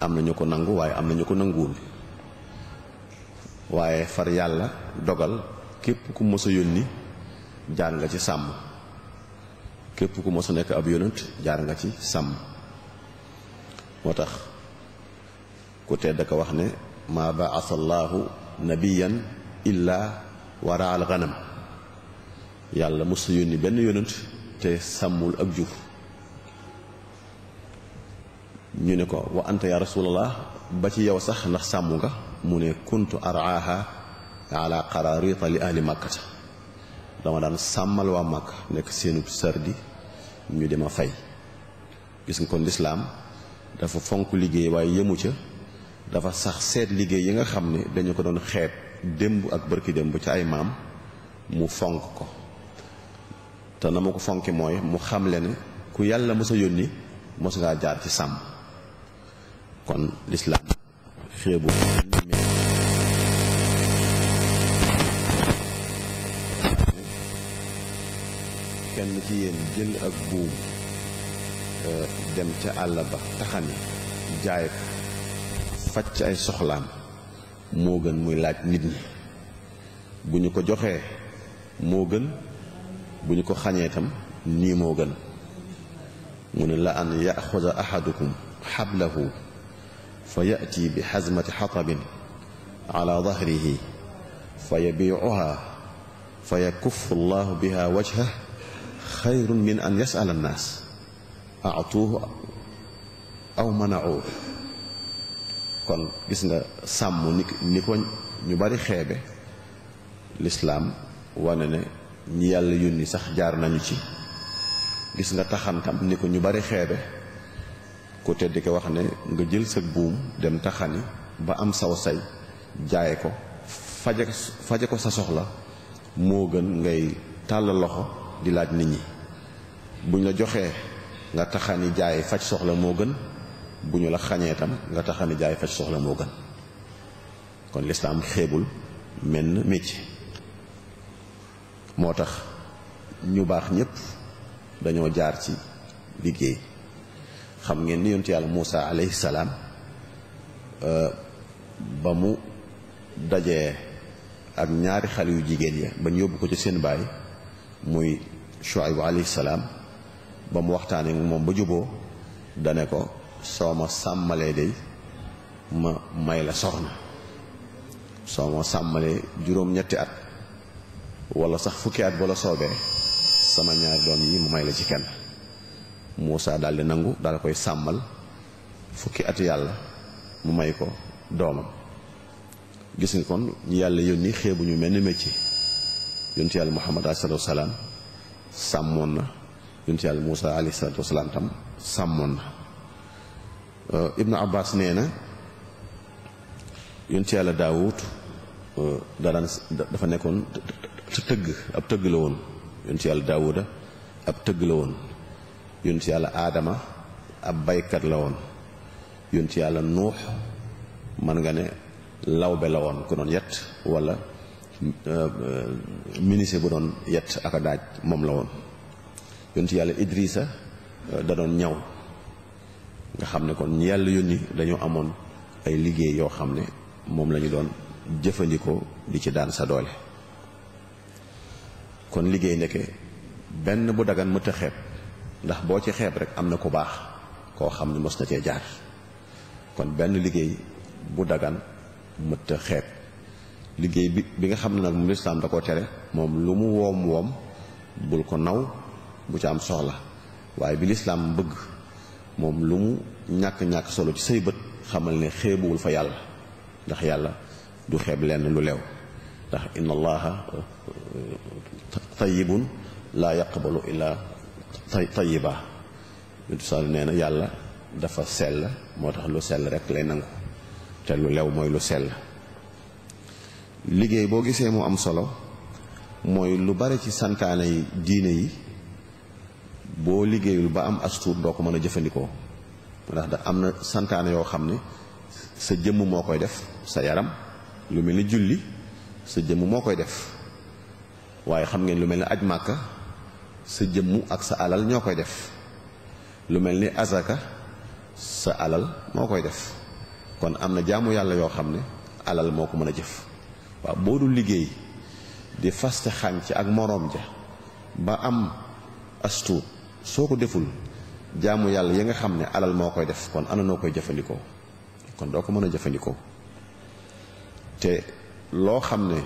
am na ñu ko nangu waaye am na ñu ko nanguwul waaye far yàlla dogal képp ku mës a yónni jaar nga ci sàmm képp ku mës nekk ab yonent jaar nga ci sàmm moo tax ku tedd ko wax ne maa baasa allahu nabiyan illa wara al yàlla mës a yónni benn yonent te sàmmul ak jur ñu ne ko wa anta ya rasulallah ba ci yow sax ndax sàmm nga mu ne kuntu araaha ala qararita li ahli makkata dama daan sàmmal waa màkk nekk seenub sardi ñu dema fay gis nga kon lislaam dafa fonk liggéey waaye yëmu ca dafa sax seet liggéey yi nga xam ni dañu ko doon xeet démb ak bërki démb ca ay maam mu fonk ko te na ma ko fonke mooy mu xam le ne ku yàlla mës a yónni mos ngaa jaar ci sàmm kon lislaam xeebu kenn ci yéen jël ak buum euh, dem ca àll ba taxani jaay ko faj ci ay soxlaam moo gën muy laaj nit ñi bu ñu ko joxee moo gën bu ñu ko xañee nii moo gën mu ne la an yaxuza ahadukum xablahu fa yati bi xasmati xatabin ala dahrihi fa yabiicuha fa yakuffu llahu biha wajhah xayrun min an yasala annaas atuuhu aw manacuuhu kon gis nga sàmm ni ko ñu bari xeebe lislaam wane ne ñi yàlla yónni sax jaar nañu ci gis nga taxantam ni ko ñu bari xeebe ku tedd ki wax ne nga jël sa buum dem taxani ba am saw say jaay ko faje ko sa soxla moo gën ngay tàllal loxo di laaj nit ñi buñ la joxee nga taxani jaay faj soxla moo gën bu ñu la xañee tam nga taxani jaay faj soxla moo gën kon lislaam xeebul menn métier moo tax ñu baax ñépp dañoo jaar ci liggéey xam ngeen ni yontu yàlla Moussa alayhi salaam euh, ba mu dajee ak ñaari xale yu jigéen ya bañ yóbbu ko ci seen baay muy Shuaybu alayhi salaam ba mu waxtaanee moom ba juboo dane ko soo ma sàmmalee day ma may la soxna soo ma sàmmalee juróom-ñetti at wala sax fukki at ba la soobee sama ñaari doom yi ma may la ci kenn Moussa daal di nangu daal koy sàmmal fukki at yàlla mu may ko doomam gis nga kon ñi yàlla yónni xeebuñu mel ni métier yontu yàlla Muhammad alayhi salaatu wasalaam sàmmoon na yontu yàlla Moussa alayhi salaatu wasalaam tam sàmmoon na euh, Ibnu Abbas nee na yontu yàlla Daawud euh, daraan dafa nekkoon tëgg ab tëgg la woon yontu yàlla Daawuda ab tëgg la woon yun ci yàlla aadama ab baykat la woon yoon ci yàlla nuux mën nga ne lawbe la woon ku doon yett wala euh, euh, ministre bu doon yett ak a daaj moom la woon yun ci yàlla Idrissa euh, da doon ñaw nga xam ne kon yàlla yónni dañoo amoon ay liggéey yoo xam ne moom lañu doon jëfandikoo di ci daan sa doole kon liggéey ndeke benn bu dagan mëtt xeeb ndax boo ci xeeb rek am na ko baax koo xam ne mos na cee jaar kon benn liggéey bu dagan mëtt xeeb liggéey bi bi nga xam ne nag moom lislaam da koo tere moom lu mu woom woom bul ko naw bu ci am soxla waaye bi lislaam bëgg moom lu mu ñàkk-ñàkk solo ci say bët xamal ne xeebuwul fa yàlla ndax yàlla du xeeb lenn lu leew ndax inna allaha uh, uh, tayyibun laa yaqbalu illa tayiba yontu sall nee na yàlla dafa sell moo tax lu sell rek lay nangu te lu lew mooy lu sell liggéey boo gisee mu am solo mooy lu bare ci santaane yi diine yi boo liggéeyul ba am astuur doo ko mën a jëfandikoo ndax da am na santaane yoo xam ne sa jëmm moo koy def sa yaram lu mel ni julli sa jëmm moo koy def waaye xam ngeen lu mel ni aj màkka sa jëmm ak sa alal ñoo koy def lu mel ni azaka sa alal moo koy def kon am na jaamu yàlla yoo xam ne alal moo ko mën a jëf waaw boo dul liggéey di faste xànc ak moroom ja ba am astuut soo ko deful jaamu yàlla yi nga xam ne alal moo koy def kon ana noo koy jëfandikoo kon doo ko mën a jëfandikoo te loo xam ne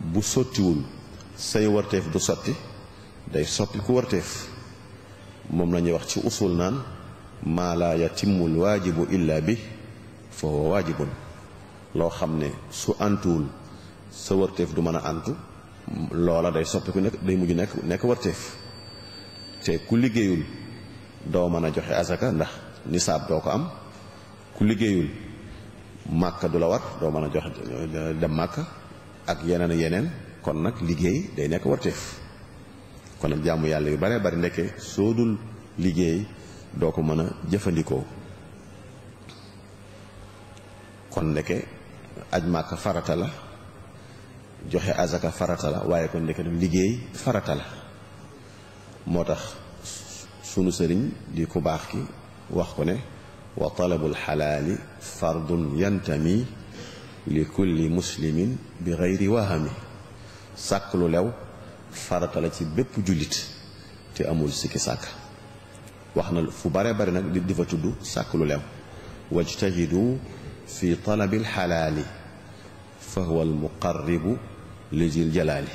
bu sottiwul say warteef du sotti day soppi ku warteef moom la ñuy wax ci usul naan maa laa yatimmul waajibu illa bi fa huwa loo xam ne su antuwul sa warteef du mën a antu loola day soppi ku nekk day mujj nekk nekk warteef te ku liggéeyul doo mën a joxe asaka ndax nisaab doo ko am ku liggéeyul màkka du la war doo mën a joxe dem màkka ak yeneen yeneen kon nag liggéey day nekk warteef kon am jaamu yàlla yu bare bari ndekke soo dul liggéey doo ko mën a jëfandikoo kon ndekke aj màkk farata la joxe azaka farata la waaye kon ndekke dem liggéey farata la moo tax sunu sëriñ di ku baax ki wax ko ne wa talabul xalaali fardun yantami li kulli muslimin bi gayri wahami sàkk lu lew farata ci bépp jullit te amul sikki sàkk wax na fu bare bari nag di fa tudd sàkk lu leew wajtahidu fi talabi alxalaali fa huwa almuqarribu li jil jalaali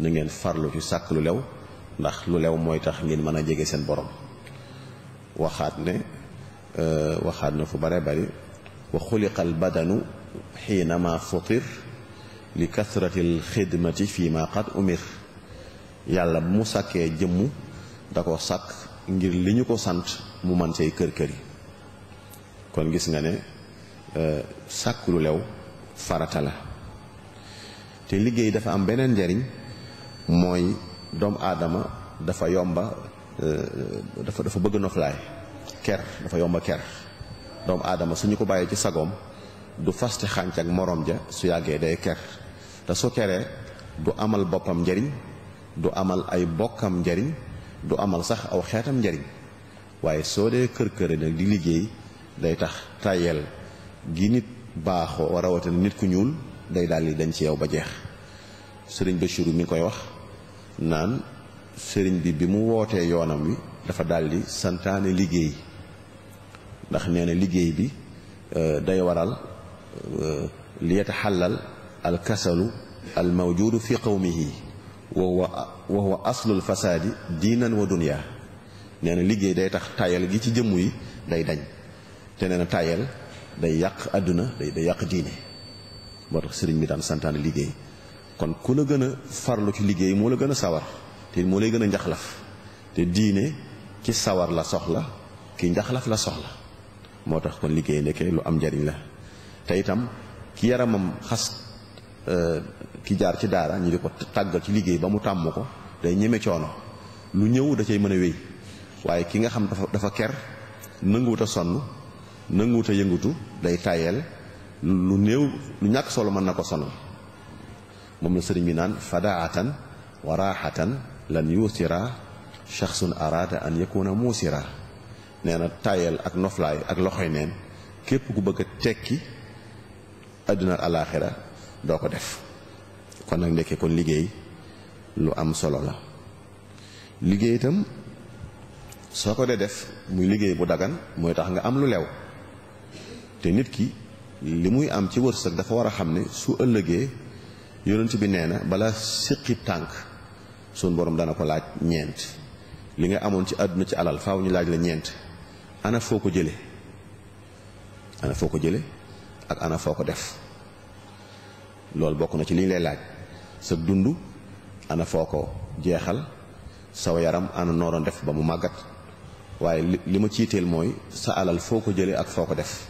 na ngeen farlu ci sàkk lu lew ndax lu lew mooy tax ngeen mën a jege seen borom waxaat ne euh, waxaat na fu bare bari wa xuliqa albadanu xiinama futir li kasratil xidmati fii ma qad umir yàlla bu mu sàkkee jëmm da ko sàkk ngir li ñu ko sant mu man say kër kër yi kon gis nga ne euh, sàkk lu lew farata la te liggéey dafa am beneen njariñ mooy doomu aadama dafa yomba euh, dafa dafa bëgg noflaay ker dafa yomba ker doomu aadama suñu ko bàyyee ci sagoom du faste xànc ak moroom ja su yàggee day ker te su keree du amal boppam njariñ du amal ay bokkam njariñ du amal sax aw xeetam njariñ waaye soo dee kër kër nag di liggéey day tax tayel gi nit baaxoo rawatina nit ku ñuul day daal dañ ci yow ba jeex sëriñ Bachirou mi ngi koy wax naan sëriñ bi bi mu wootee yoonam wi dafa daal di santaane liggéey ndax nee liggéey bi euh, day waral euh, li yeta xàllal alkasalu almawjudu fi qawmihi wa huwa aslul fasaadi diinan wa dunya nee na liggéey day tax tayal gi ci jëmm yi day dañ te nee na tayal day yàq àdduna day day yàq diine moo tax sëriñ bi daan santaane liggéey kon ku la gën a farlu ci liggéey moo la gën a sawar te moo lay gën a njaxlaf te diine ci sawar la soxla ki njaxlaf la soxla moo tax kon liggéey nekkee lu am njariñ la te itam ki yaramam xas Euh, ki jaar ci daara ñu di ko tàggal ci liggéey ba mu tàmm ko day ñeme coono lu ñëw da cay mën a wéy waaye ki nga xam dafa dafa ker nanguwut a sonn nanguwut yëngutu day tayeel lu néew lu ñàkk solo mën na ko sonal moom la sëriñ bi naan fadaatan wa raxatan lan yuusira shaxsun araada an yakuna muusira nee na tayeel ak noflaay ak loxoy neen képp ku bëgg a tekki àdduna alaaxira doo ko def kon nag ndekke kon liggéey lu am solo la liggéey itam soo ko dee def muy liggéey bu dagan mooy tax nga am lu lew te nit ki li muy am ci wërsëg dafa war a xam ne su ëllëgee yonent bi nee na bala siqi tànk suñ borom dana ko laaj ñeent li nga amoon ci àdduna ci alal faaw ñu laaj la ñeent ana foo ko jële ana foo ko jële ak ana foo ko def loolu bokk na ci li ñu lay laaj sa dund ana foo ko jeexal saw yaram ana noo doon def ba mu màggat waaye li li ma ciiteel mooy sa alal foo ko jëlee ak foo ko def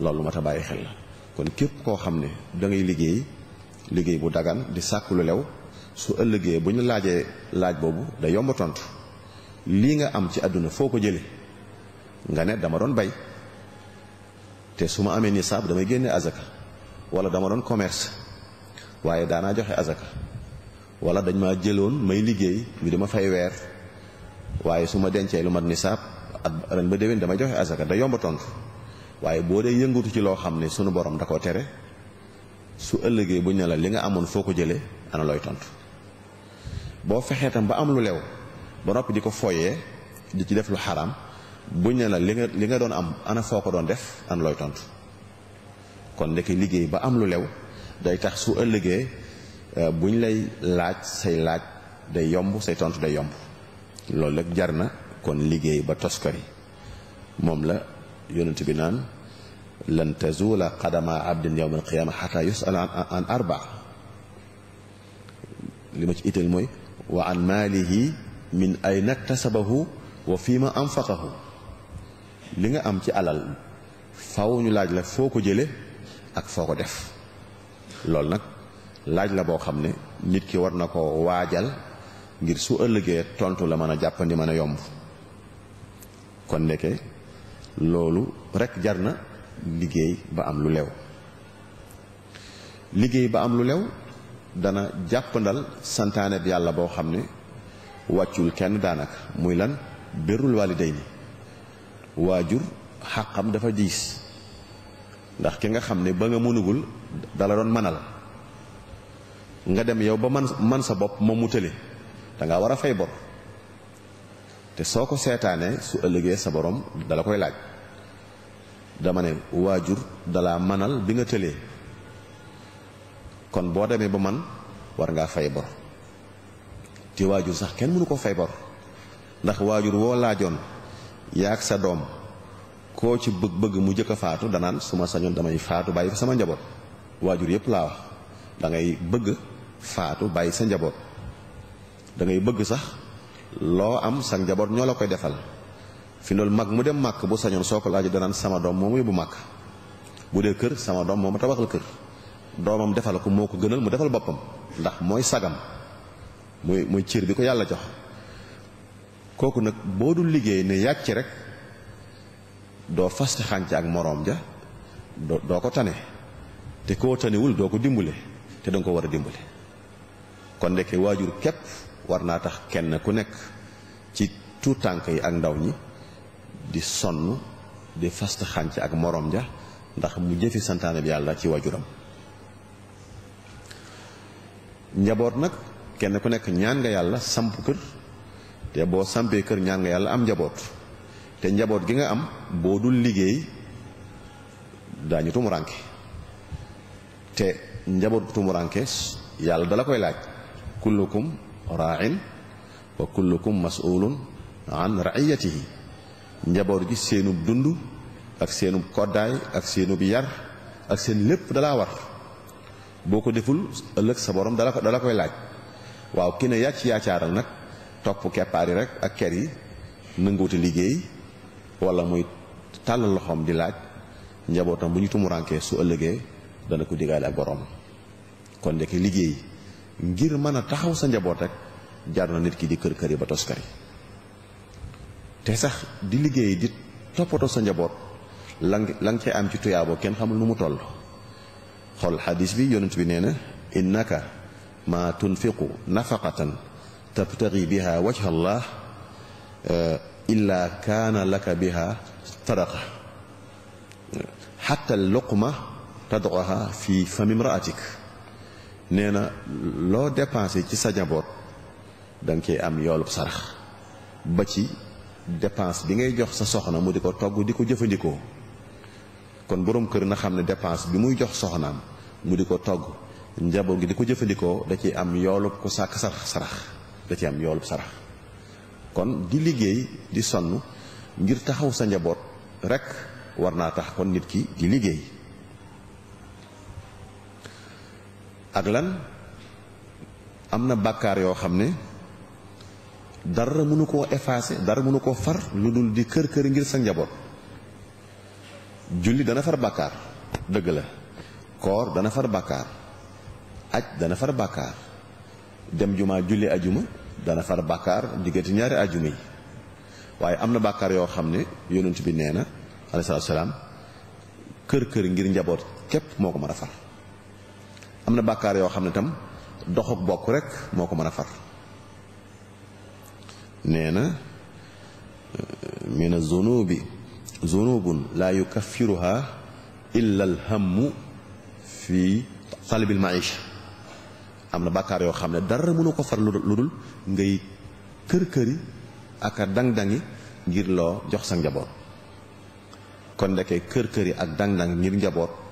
loolu ma ta bàyyi xel la kon képp koo xam ne da liggéey liggéey bu dagan di sàkk lu lew su ëllëgee bu ñu laajee laaj boobu da yomb tontu lii nga am ci àdduna foo ko jëlee nga ne dama doon bay te su ma amee nisaab damay génne azaka wala dama doon commerce waaye daanaa joxe azaka wala dañ maa jëloon may liggéey ñu di ma fay weer waaye su ma dencee lu mat nisaab at ren ba déwén dama joxe azaka da yomba tontu waaye boo dee yëngatu ci loo xam ne sunu borom da koo tere su ëllëgee buñ ne la li nga amoon foo ko jëlee ana looy tontu boo fexee tam ba am lu lew ba noppi di ko fooyee di ci def lu xaram buñ ne la li nga li nga doon am ana foo ko doon def ana looy tontu. kon ndeke liggéey ba am lu lew day tax su ëllëgee euh, buñ lay laaj say laaj day yomb say tontu day yomb loolu nag jar na kon liggéey ba toskari moom la yonent bi naan lan tazuula qadama abdin yawma alqiyaama xata mooy wa an maalihi min ayna ktasabahu wa fii ma anfaqahu li nga am ci alal faw ñu laaj la foo ko jële ak foo ko def loolu nag laaj la boo xam ne nit ki war na koo waajal ngir su ëllëgee tontu la mën a jàppandi mën a yomb kon ndeke loolu rekk jar na liggéey ba am lu lew liggéey ba am lu lew dana jàppandal santaane bi yàlla boo xam ne wàccul kenn daanaka muy lan bérul waalidayni waajur xàqam dafa diis ndax ki nga xam ne ba nga mënugul dala doon manal nga dem yow ba man man sa bopp moom mu tële danga war a fay bor te soo ko seetaanee su ëllëgee sa borom dala koy laaj dama ne waajur dala manal bi nga tëlee kon boo demee ba man war ngaa fay bor te waajur sax kenn mënu ko fay bor ndax waajur woo laajoon yaag sa doom koo ci bëgg-bëgg mu jëkk a faatu danaan su ma sañoon damay faatu bàyyi fa sama njaboot waajur yëpp laa wax da ngay bëgg faatu bàyyi sa njaboot da ngay bëgg sax loo am sa njaboot ñoo la koy defal fi ndool mag mu dem màkk bu sañoon soo ko laaju danaan sama doom moom yóbbu màkk bu dee kër sama doom moomu tabaxal kër doomam defal ko moo ko gënal mu defal boppam ndax mooy sagam muy mooy cër bi ko yàlla jox kooku nag boo dul liggéey ne yàcc rek doo fas xànc ak moroom ja doo ko tane te koo tanewul doo ko dimbale te danga ko war a dimbale kon ndeke waajur képp war naa tax kenn ku nekk ci tuut tànk yi ak ndaw ñi di sonn di fas xànc ak moroom ja ndax mu jëfi santaane bi yàlla ci waajuram njaboot nag kenn ku nekk ñaan nga yàlla samp kër te boo sampee kër ñaan nga yàlla am njaboot te njaboot gi nga am boo dul liggéey dañu tumuranke te njaboot gu tumuranke yàlla dala koy laaj kullukum raain wa kullukum mas'ulun an ra'iyatihi njaboot gi seenub dund ak seenub koddaay ak seenub yar ak seen lépp dalaa war boo ko deful ëllëg sa borom dala ko dala koy laaj waaw ki ne yàcc yaacaaral nag topp keppaar yi rek ak ker yi nanguwute liggéey wala muy tàllal loxoom di laaj njabootam bu ñu tumurankee su ëllëgee dana ko digaale ak boroom kon ndeke liggéey ngir mën a taxaw sa njaboot rek jar na nit ki di kër kër yi ba toskari te sax di liggéey di toppatoo sa njaboot la la nga cay am ci tuyaaboo kenn xamul nu mu toll xool xadis bi yonent bi nee na innaka ma tunfiqu nafaqatan tabtagi biha wajha allah illaa kaana laka biha sadaqa ma luqma tadxaha fi fami imraatik nee na loo dépensé ci sa njaboot danga koy am yoolub sarax ba ci dépense bi ngay jox sa soxna mu di ko togg di ko jëfandikoo kon boroom kër na xam ne dépense bi muy jox soxnaam mu di ko togg njaboot gi di ko jëfandikoo da ciy am yoolub ku sàkk sarax sarax da ciy am yoolub sarax kon di liggéey di sonn ngir taxaw sa njaboot rekk war naa tax kon nit ki di liggéey ak lan am na bàkkaar yoo xam ne dara mënu koo effacer dara mënu koo far lu dul di kër kër ngir sa njaboot julli dana far bàkkaar dëgg la koor dana far bàkkaar aj dana far bàkkaar dem jumaa julli ajuma dana far bàkkaar diggante ñaari àjjuma yi waaye am na bàkkaar yoo xam ne yonent bi nee na alayhi salaatu salaam kër kër ngir njaboot képp moo ko mën a far am na bàkkaar yoo xam ne tam doxuk bokk rek moo ko mën a far nee na euh, min azunubi zunubun laa yukaffiruha illa alhammu fi talabil maisha am na bàkkaar yoo xam ne dara mënu ko far lu dul ngay kër këri ak a dang-dangi ngir loo jox sa njaboot kon ndeke kër këri ak dang-dang ngir njaboot